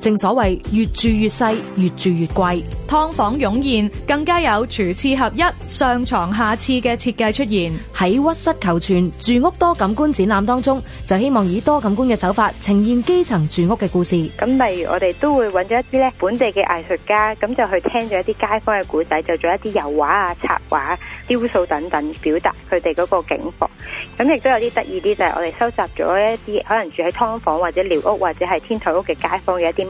正所謂越住越細，越住越貴，劏房湧現，更加有廚廁合一、上床下廁嘅設計出現。喺屈室求全住屋多感官展覽當中，就希望以多感官嘅手法呈現基層住屋嘅故事。咁例如我哋都會揾咗一啲咧本地嘅藝術家，咁就去聽咗一啲街坊嘅故仔，就做一啲油畫啊、插畫、啊、雕塑等等，表達佢哋嗰個景況。咁亦都有啲得意啲，就係、是、我哋收集咗一啲可能住喺劏房或者寮屋或者係天台屋嘅街坊嘅一啲。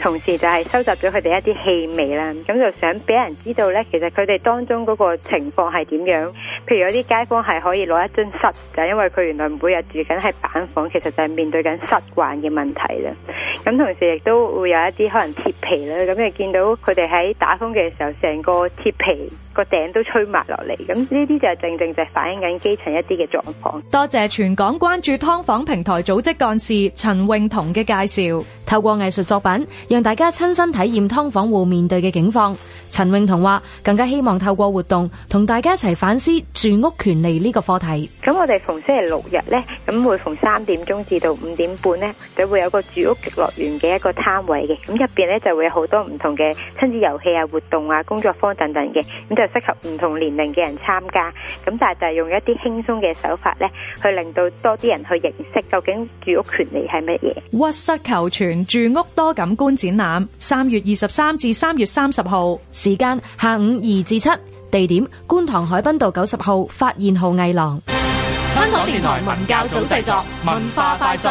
同時就係收集咗佢哋一啲氣味啦，咁就想俾人知道呢，其實佢哋當中嗰個情況係點樣？譬如有啲街坊係可以攞一樽塞，就因為佢原來每日住緊喺板房，其實就係面對緊濕患嘅問題啦。咁同時亦都會有一啲可能鐵皮啦，咁你見到佢哋喺打風嘅時候，成個鐵皮個頂都吹埋落嚟。咁呢啲就係正正就反映緊基層一啲嘅狀況。多謝全港關注劏房平台組織幹事陳詠彤嘅介紹，透過藝術作品。讓大家親身體驗劏房戶面對嘅境況。陳永彤話，更加希望透過活動同大家一齊反思住屋權利呢個課題。咁我哋逢星期六日呢，咁會逢三點鐘至到五點半呢，就會有個住屋極樂園嘅一個攤位嘅。咁入邊呢，就會有好多唔同嘅親子遊戲啊、活動啊、工作坊等等嘅。咁就適合唔同年齡嘅人參加。咁但係就係用一啲輕鬆嘅手法呢，去令到多啲人去認識究竟住屋權利係乜嘢。屈室求全，住屋多感官。展覽三月二十三至三月三十號，時間下午二至七，地點觀塘海濱道九十號，發現號藝廊。香港電台文教組製作，文化快訊。